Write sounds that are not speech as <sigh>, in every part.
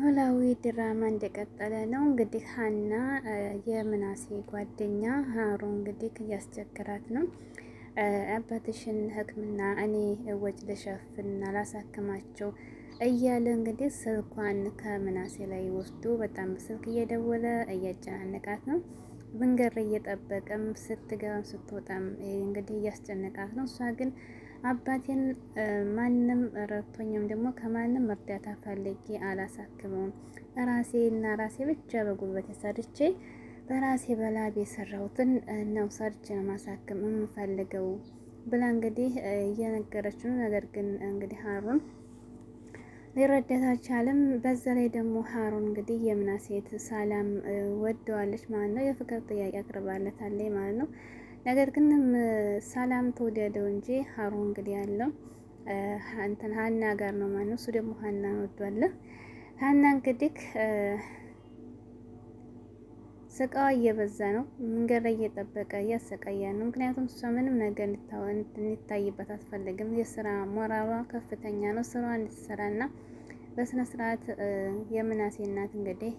ኖላዊ ድራማ እንደቀጠለ ነው። እንግዲህ ሀና የምናሴ ጓደኛ ሀሮ እንግዲህ እያስቸገራት ነው። አባትሽን ሕክምና እኔ ወጭ ልሸፍንና ላሳክማቸው እያለ እንግዲህ ስልኳን ከምናሴ ላይ ወስዶ በጣም ስልክ እየደወለ እያጨናነቃት ነው። ብንገር እየጠበቀም ስትገባም ስትወጣም እንግዲህ እያስጨነቃት ነው። እሷ ግን አባቴን ማንም ረድቶኝም ደግሞ ከማንም እርዳታ ፈልጌ አላሳክመውም። ራሴ እና ራሴ ብቻ በጉልበት ሰርቼ በራሴ በላብ የሰራሁትን ነው ሰርቼ ነው ማሳክም የምፈልገው ብላ እንግዲህ እየነገረችው ነው። ነገር ግን እንግዲህ ሀሩን ሊረዳት አልቻለም። በዛ ላይ ደግሞ ሀሩን እንግዲህ የምናሴት ሰላም ወደዋለች ማለት ነው። የፍቅር ጥያቄ አቅርባለታለች ማለት ነው። ነገር ግን ሰላም ተወዳደው እንጂ ሀሩ እንግዲህ ያለው እንትን ሀና ጋር ነው ማለት ነው። እሱ ደግሞ ሀና ወዷለ። ሀና እንግዲህ ስቃዋ እየበዛ ነው። መንገድ ላይ እየጠበቀ እያሰቃያ ነው። ምክንያቱም እሷ ምንም ነገር እንድታይበት አትፈልግም። የስራ ሞራሏ ከፍተኛ ነው። ስራዋ እንድትሰራና በስነ ስርዓት የምናሴ እናት እንግዲህ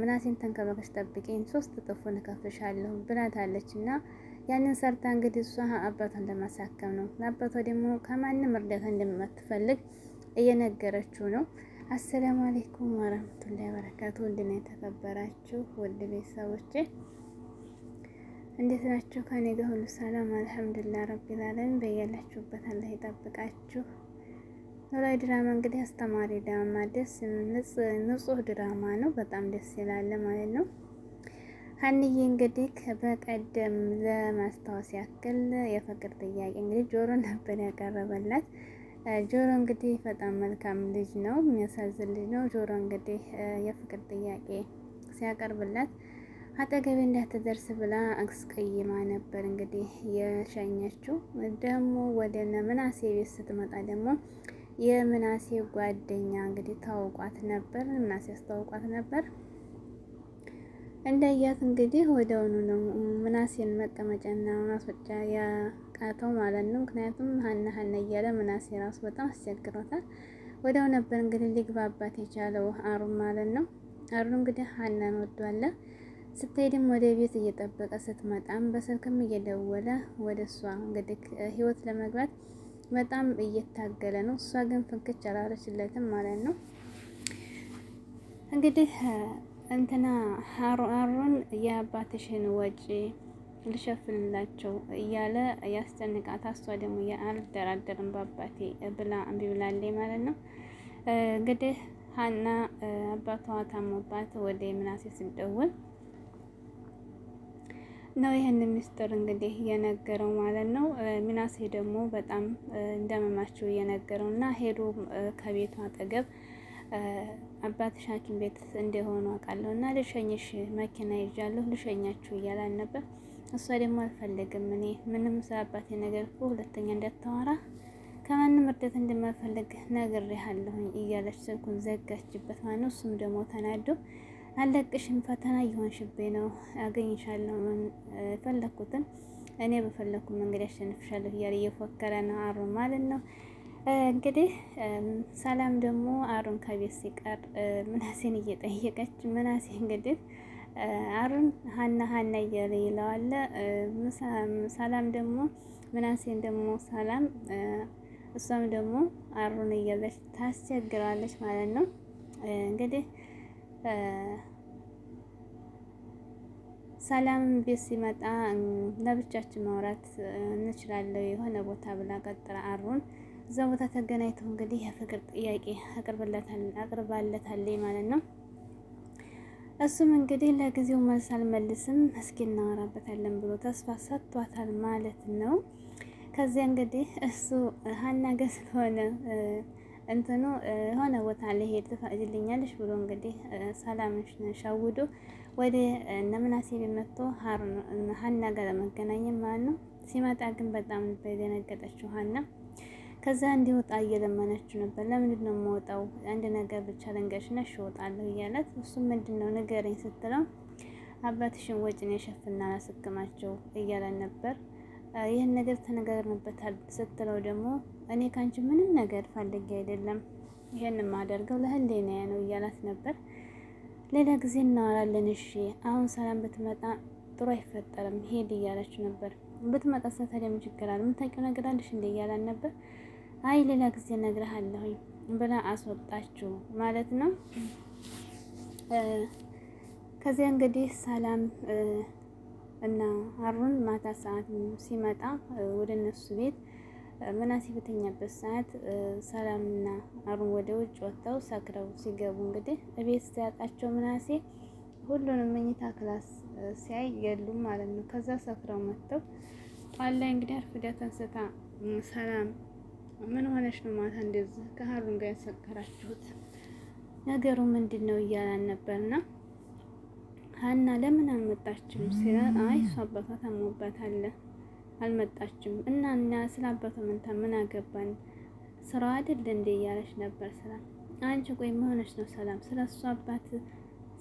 ምናሴን ተንከባከሽ ጠብቂኝ፣ ሶስት እጥፉን እከፍልሻለሁ ብላታለች እና ያንን ሰርታ እንግዲህ እሷ አባቷን ለማሳከም ነው። ለአባቷ ደግሞ ከማንም እርዳታ እንደማትፈልግ እየነገረችው ነው። አሰላሙ አሌይኩም ወረህመቱላሂ ወበረካቱ። ውድና የተከበራችሁ ውድ ቤተሰቦቼ እንዴት ናችሁ? ከኔ ጋር ሁሉ ሰላም አልሐምዱሊላህ ረቢል በያላችሁበት አላህ ይጠብቃችሁ። ኖላዊ ድራማ እንግዲህ አስተማሪ ድራማ፣ ደስ ንጹህ ድራማ ነው። በጣም ደስ ይላል ማለት ነው። ሀንዬ እንግዲህ በቀደም ለማስታወስ ያክል የፍቅር ጥያቄ እንግዲህ ጆሮ ነበር ያቀረበላት። ጆሮ እንግዲህ በጣም መልካም ልጅ ነው፣ የሚያሳዝን ልጅ ነው። ጆሮ እንግዲህ የፍቅር ጥያቄ ሲያቀርብላት አጠገቤ እንዳትደርስ ብላ አስቀይማ ነበር እንግዲህ የሸኘችው። ደግሞ ወደ ምናሴ ቤት ስትመጣ ደግሞ የምናሴ ጓደኛ እንግዲህ ታውቋት ነበር፣ ምናሴ አስታውቋት ነበር። እንዳያት እንግዲህ ወደውኑ ነው ምናሴን መቀመጫና ማስወጫ ያቃተው ማለት ነው። ምክንያቱም ሀና ሀና እያለ ምናሴ ራሱ በጣም አስቸግሮታል። ወደው ነበር እንግዲህ ሊግባባት የቻለው አሩን ማለት ነው። አሩ እንግዲህ ሀናን ወዷለ። ስትሄድም ወደ ቤት እየጠበቀ ስትመጣም በስልክም እየደወለ ወደ እሷ እንግዲህ ህይወት ለመግባት በጣም እየታገለ ነው። እሷ ግን ፍንክች አላለችለትም ማለት ነው እንግዲህ እንትና ሀሩን የአባትሽን ወጪ ልሸፍንላቸው እያለ ያስጨንቃት። እሷ ደግሞ አልደራደርም በአባቴ ብላ እምቢ ብላለች ማለት ነው። እንግዲህ ሀና አባቷ ታሞባት ወደ ምናሴ ስደውል ነው ይህን ሚስጥር እንግዲህ የነገረው ማለት ነው። ምናሴ ደግሞ በጣም እንደመማችው እየነገረው እና ሄዶ ከቤቷ አጠገብ አባትሽ ሐኪም ቤት እንደሆኑ አውቃለሁ እና ልሸኝሽ መኪና ይዣለሁ ልሸኛችሁ እያላን ነበር። እሷ ደግሞ አልፈልግም እኔ ምንም ስለ አባቴ ነገር እኮ ሁለተኛ እንዳታወራ ከማንም እርዳታ እንደማልፈልግ ነግሬሃለሁኝ እያለች ስልኩን ዘጋችበት ማለት ነው። እሱም ደግሞ ተናዶ አለቅሽም ፈተና እየሆንሽብኝ ነው አገኝሻለሁ የፈለኩትን እኔ በፈለግኩ መንገድ አሸንፍሻለሁ እያለ እየፎከረ ነው አሩ ማለት ነው። እንግዲህ ሰላም ደግሞ አሩን ከቤት ሲቀር ምናሴን እየጠየቀች ምናሴ እንግዲህ አሩን ሀና ሀና እያለ ይለዋለ። ሰላም ደግሞ ምናሴን ደግሞ ሰላም እሷም ደግሞ አሩን እያለች ታስቸግረዋለች ማለት ነው። እንግዲህ ሰላም ቤት ሲመጣ ለብቻችን ማውራት እንችላለን የሆነ ቦታ ብላ ቀጥራ አሩን እዛ ቦታ ተገናኝተው እንግዲህ የፍቅር ጥያቄ አቅርባለታለች ማለት ነው። እሱም እንግዲህ ለጊዜው መልስ አልመልስም እስኪ እናወራበታለን ብሎ ተስፋ ሰጥቷታል ማለት ነው። ከዚያ እንግዲህ እሱ ሀና ገስ ሆነ እንትኑ የሆነ ቦታ ላይ ሄድ ትፈቅጂልኛለሽ ብሎ እንግዲህ ሰላምሽ ሸውዶ ወደ እነምናሴ ቤት መጥቶ ሀና ጋር ለመገናኘት ማለት ነው። ሲመጣ ግን በጣም በደነገጠችው ሀና ከዛ እንዲወጣ እየለመነችው ነበር። ለምንድን ነው የምወጣው? አንድ ነገር ብቻ ልንገርሽና እሺ እወጣለሁ እያለት፣ እሱም ምንድን ነው ንገረኝ ስትለው አባትሽን ወጪ ነው የሸፍና ላስክማቸው እያለን ነበር። ይህን ነገር ተነጋግረንበታል ስትለው ደግሞ እኔ ካንቺ ምንም ነገር ፈልጌ አይደለም ይህን የማደርገው ለህሊናዬ ነው እያላት ነበር። ሌላ ጊዜ እናወራለን እሺ፣ አሁን ሰላም ብትመጣ ጥሩ አይፈጠርም ሄድ እያለች ነበር። ብትመጣ ስለ ታዲያ ምን ችግር አለ? የምታውቂው ነገር አለሽ እንደ እያላን ነበር። አይ ሌላ ጊዜ እነግርሃለሁኝ ብላ አስወጣችው ማለት ነው። ከዚያ እንግዲህ ሰላም እና አሩን ማታ ሰዓት ሲመጣ ወደ እነሱ ቤት ምናሴ በተኛበት ሰዓት ሰላምና አሩን ወደ ውጭ ወጥተው ሰክረው ሲገቡ እንግዲህ እቤት ሲያጣቸው ምናሴ ሁሉንም መኝታ ክላስ ሲያይ የሉም ማለት ነው። ከዛ ሰክረው መጥተው ጧት ላይ እንግዲህ አርፍዳ ተንስታ ሰላም ምን ሆነሽ ነው ማታ እንደዚህ ከሀሩን ጋር ያሰከራችሁት? ነገሩ ምንድን ነው እያላን ነበርና ሀና ለምን አልመጣችም ሲላ አይ እሷ አባቷ አለ አልመጣችም እና እና ስለ አባቷ ምንታ ምን አገባን ስራው አይደል እንደ እያለች ነበር። ስራ አንቺ ቆይ መሆነች ነው ሰላም ስለ እሷ አባት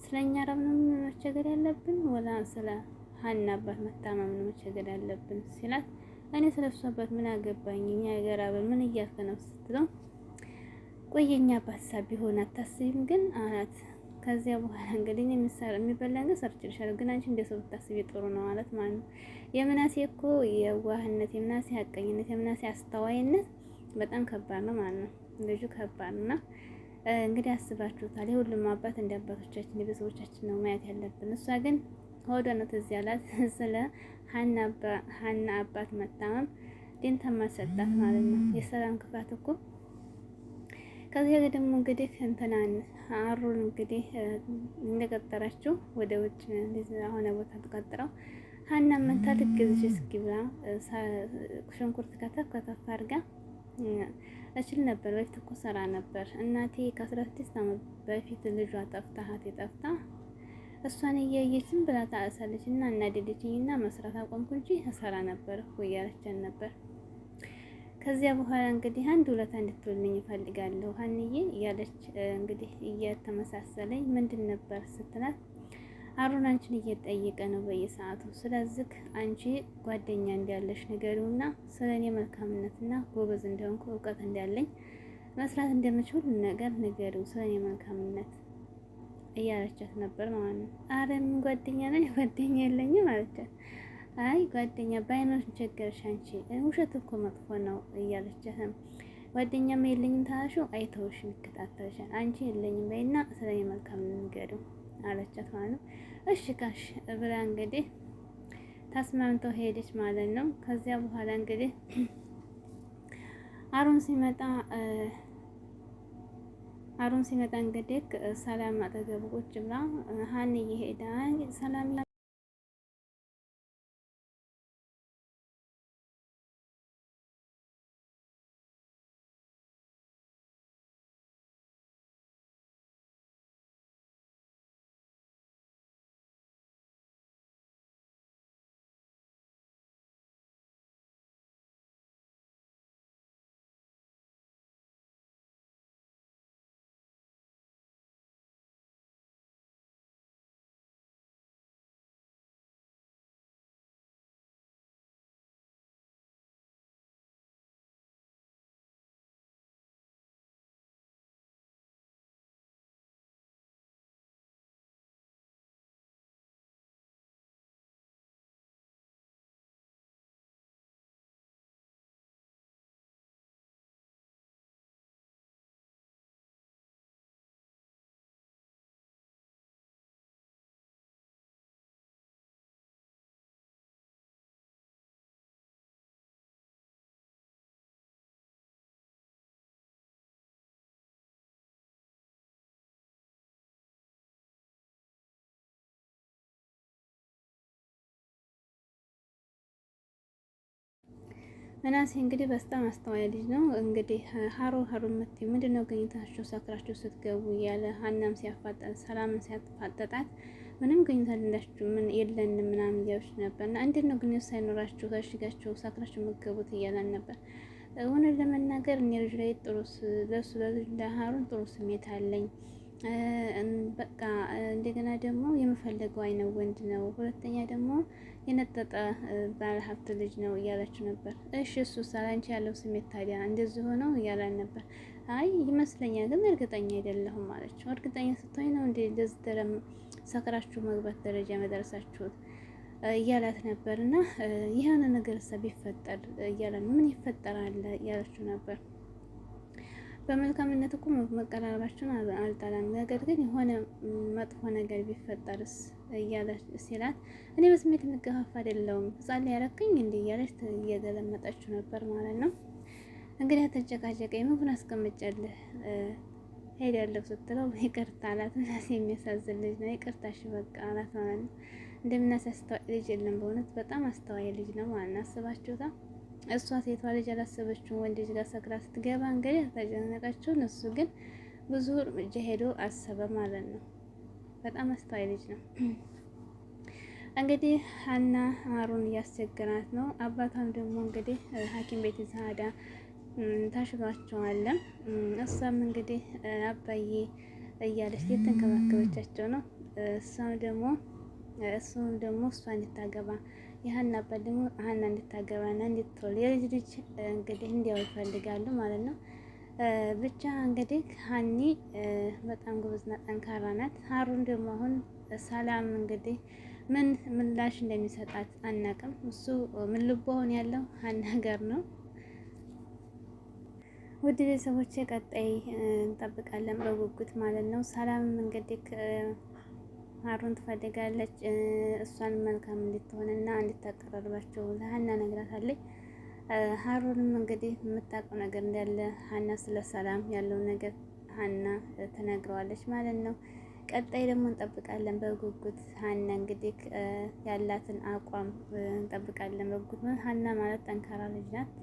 ስለኛ ረብ ነው መቸገር ያለብን ወላ ስለ ሀና አባት መታመም ነው መቸገር ያለብን ሲላት እኔ ስለሱ አባት ምን አገባኝ እኛ ሀገር በምን ምን እያልክ ነው ስትለው ቆየኛ አባት ሳቢ ሆነ አታስቢም ግን አላት። ከዚያ በኋላ እንግዲህ የሚሰራ የሚበላ ነገር ሰርችልሻለሁ ግን አንቺ እንደ ሰው ብታስቢ ጥሩ ነው አላት። ማለት ነው። የምናሴ እኮ የዋህነት፣ የምናሴ ሀቀኝነት፣ የምናሴ አስተዋይነት በጣም ከባድ ነው ማለት ነው። ልጁ ከባድ ነው። እንግዲህ አስባችሁታል። የሁሉም አባት እንደ አባቶቻችን እንደ የቤተሰቦቻችን ነው ማየት ያለብን። እሷ ግን ሆዷ ነው ትዝ ያላት <laughs> ስለ ሀና አባት መታመም ዲን ተመሰጣት ማለት ነው። የሰላም ክፋት እኮ ከዚህ ጋር ደግሞ እንግዲህ እንትናን አሩን እንግዲህ እንደቀጠረችው ወደ ውጭ ሆነ ቦታ ተቀጥረው ሀና መታ ልክ እዚህ እስኪ ብላ ሽንኩርት ከተፍ ከተፍ አድርጋ እችል ነበር። በፊት እኮ ሰራ ነበር እናቴ ከአስራ ስድስት ዓመት በፊት ልጇ ጠፍታ ሀቴ ጠፍታ እሷን እያየችን ዝም ብላ ታእሳለች እና እናደደችኝ እና መስራት አቆምኩ እንጂ እሰራ ነበር እያለችን ነበር። ከዚያ በኋላ እንግዲህ አንድ ውለታ እንድትውልኝ እፈልጋለሁ ሀንዬ እያለች እንግዲህ እያተመሳሰለኝ ምንድን ነበር ስትላት አሩን አንቺን እየጠየቀ ነው በየሰዓቱ። ስለዚህ አንቺ ጓደኛ እንዳለሽ ንገሪውና ስለ እኔ መልካምነትና ጎበዝ እንደሆንኩ እውቀት እንዳለኝ መስራት እንደምችል ነገር ንገሪው ስለ እኔ መልካምነት እያለቻት ነበር ማለት ነው። አረ ምን ጓደኛ ነኝ ጓደኛ የለኝም አለቻት። አይ ጓደኛ ባይኖር ቸገረሽ አንቺ ውሸት እኮ መጥፎ ነው እያለቻት ነው። ጓደኛም የለኝም ታሹ አይተውሽ ይከታተልሻል። አንቺ የለኝም በይና ስለኔ መልካም ንገሪው አለቻት ማለት ነው። እሺ ካሽ ብላ እንግዲህ ተስማምተው ሄደች ማለት ነው። ከዚያ በኋላ እንግዲህ <clears throat> አሩን ሲመጣ አሩን ሲመጣ እንግዲህ ሰላም አጠገብ ቁጭ ብላ ሀኒ እየሄዳ ሰላም ምናሴ እንግዲህ በጣም አስተዋይ ልጅ ነው። እንግዲህ ሀሮ ሀሮ ምንድን ነው ግኝታችሁ ሰክራችሁ ስትገቡ እያለ ሀናም ሲያፋጠጥ ሰላምን ሲያፋጠጣት ምንም ግኝታ እንዳችሁ ምን የለን ምናምን እያሉች ነበር። እና እንዴት ነው ግኝት ሳይኖራችሁ ታሽጋችሁ ሰክራችሁ መገቡት እያለን ነበር። እውነት ለመናገር እኔ ልጅ ላይ ጥሩ ለሱ ለልጅ ለሀሩን ጥሩ ስሜት አለኝ። በቃ እንደገና ደግሞ የምፈልገው አይነት ወንድ ነው። ሁለተኛ ደግሞ የነጠጠ ባለሀብት ልጅ ነው እያለችው ነበር። እሺ እሱ ሳላንቺ ያለው ስሜት ታዲያ እንደዚህ ሆነው እያላን ነበር። አይ ይመስለኛል፣ ግን እርግጠኛ አይደለሁም አለችው። እርግጠኛ ስትሆኝ ነው እንደ እንደዚህ ሰክራችሁ መግባት ደረጃ መደረሳችሁት እያላት ነበር። እና የሆነ ነገር እሳ ቢፈጠር እያለ ምን ይፈጠራል እያለችው ነበር። በመልካምነት እኮ መቀራረባችሁን አልጠላም፣ ነገር ግን የሆነ መጥፎ ነገር ቢፈጠርስ እያለች ሲላት እኔ በስሜት የምገፋፋ አይደለሁም ህጻን ያረክኝ እንዲ እያለች እየገለመጠችው ነበር ማለት ነው። እንግዲህ አተጨቃጨቀ ምግቡን አስቀምጫለህ ሄዳለሁ ስትለው ይቅርታ አላት። ምናሴ የሚያሳዝን ልጅ ነው። ይቅርታ እሺ በቃ አላት ማለት ነው። እንደምናሴ አስተዋይ ልጅ የለም በእውነት በጣም አስተዋይ ልጅ ነው ማለት ነው። አስባችሁታ እሷ ሴቷ ልጅ አላሰበችውን ወንድ ልጅ ጋር ሰክራ ስትገባ እንግዲህ ተጨነቀችው። እሱ ግን ብዙ እርምጃ ሄዶ አሰበ ማለት ነው። በጣም አስተዋይ ልጅ ነው። እንግዲህ ሀና አሩን እያስቸገራት ነው። አባቷም ደግሞ እንግዲህ ሐኪም ቤት ዛዳ ታሽሏቸዋለም። እሷም እንግዲህ አባዬ እያለች የተንከባከበቻቸው ነው። እሷም ደግሞ እሱም ደግሞ እሷ እንድታገባ የሀና አባት ደግሞ ሀና እንድታገባና እንድትወልድ የልጅ ልጅ እንግዲህ እንዲያው ይፈልጋሉ ማለት ነው። ብቻ እንግዲህ ሀኒ በጣም ጎበዝና ጠንካራ ናት። ሀሩን ደግሞ አሁን ሰላም እንግዲህ ምን ምላሽ እንደሚሰጣት አናቅም። እሱ ምን ልቦ አሁን ያለው ሀና ጋር ነው። ውድ ቤተሰቦች ቀጣይ እንጠብቃለን በጉጉት ማለት ነው። ሰላም እንግዲህ ሀሩን ትፈልጋለች እሷን መልካም እንድትሆንና እንድታቀራርባቸው ለሀና ነግራታለች። ሀሩንም እንግዲህ የምታውቀው ነገር እንዳለ ሀና ስለ ሰላም ያለው ነገር ሀና ትነግረዋለች ማለት ነው። ቀጣይ ደግሞ እንጠብቃለን በጉጉት ሀና እንግዲህ ያላትን አቋም እንጠብቃለን በጉጉት ሀና ማለት ጠንካራ ልጅ ናት።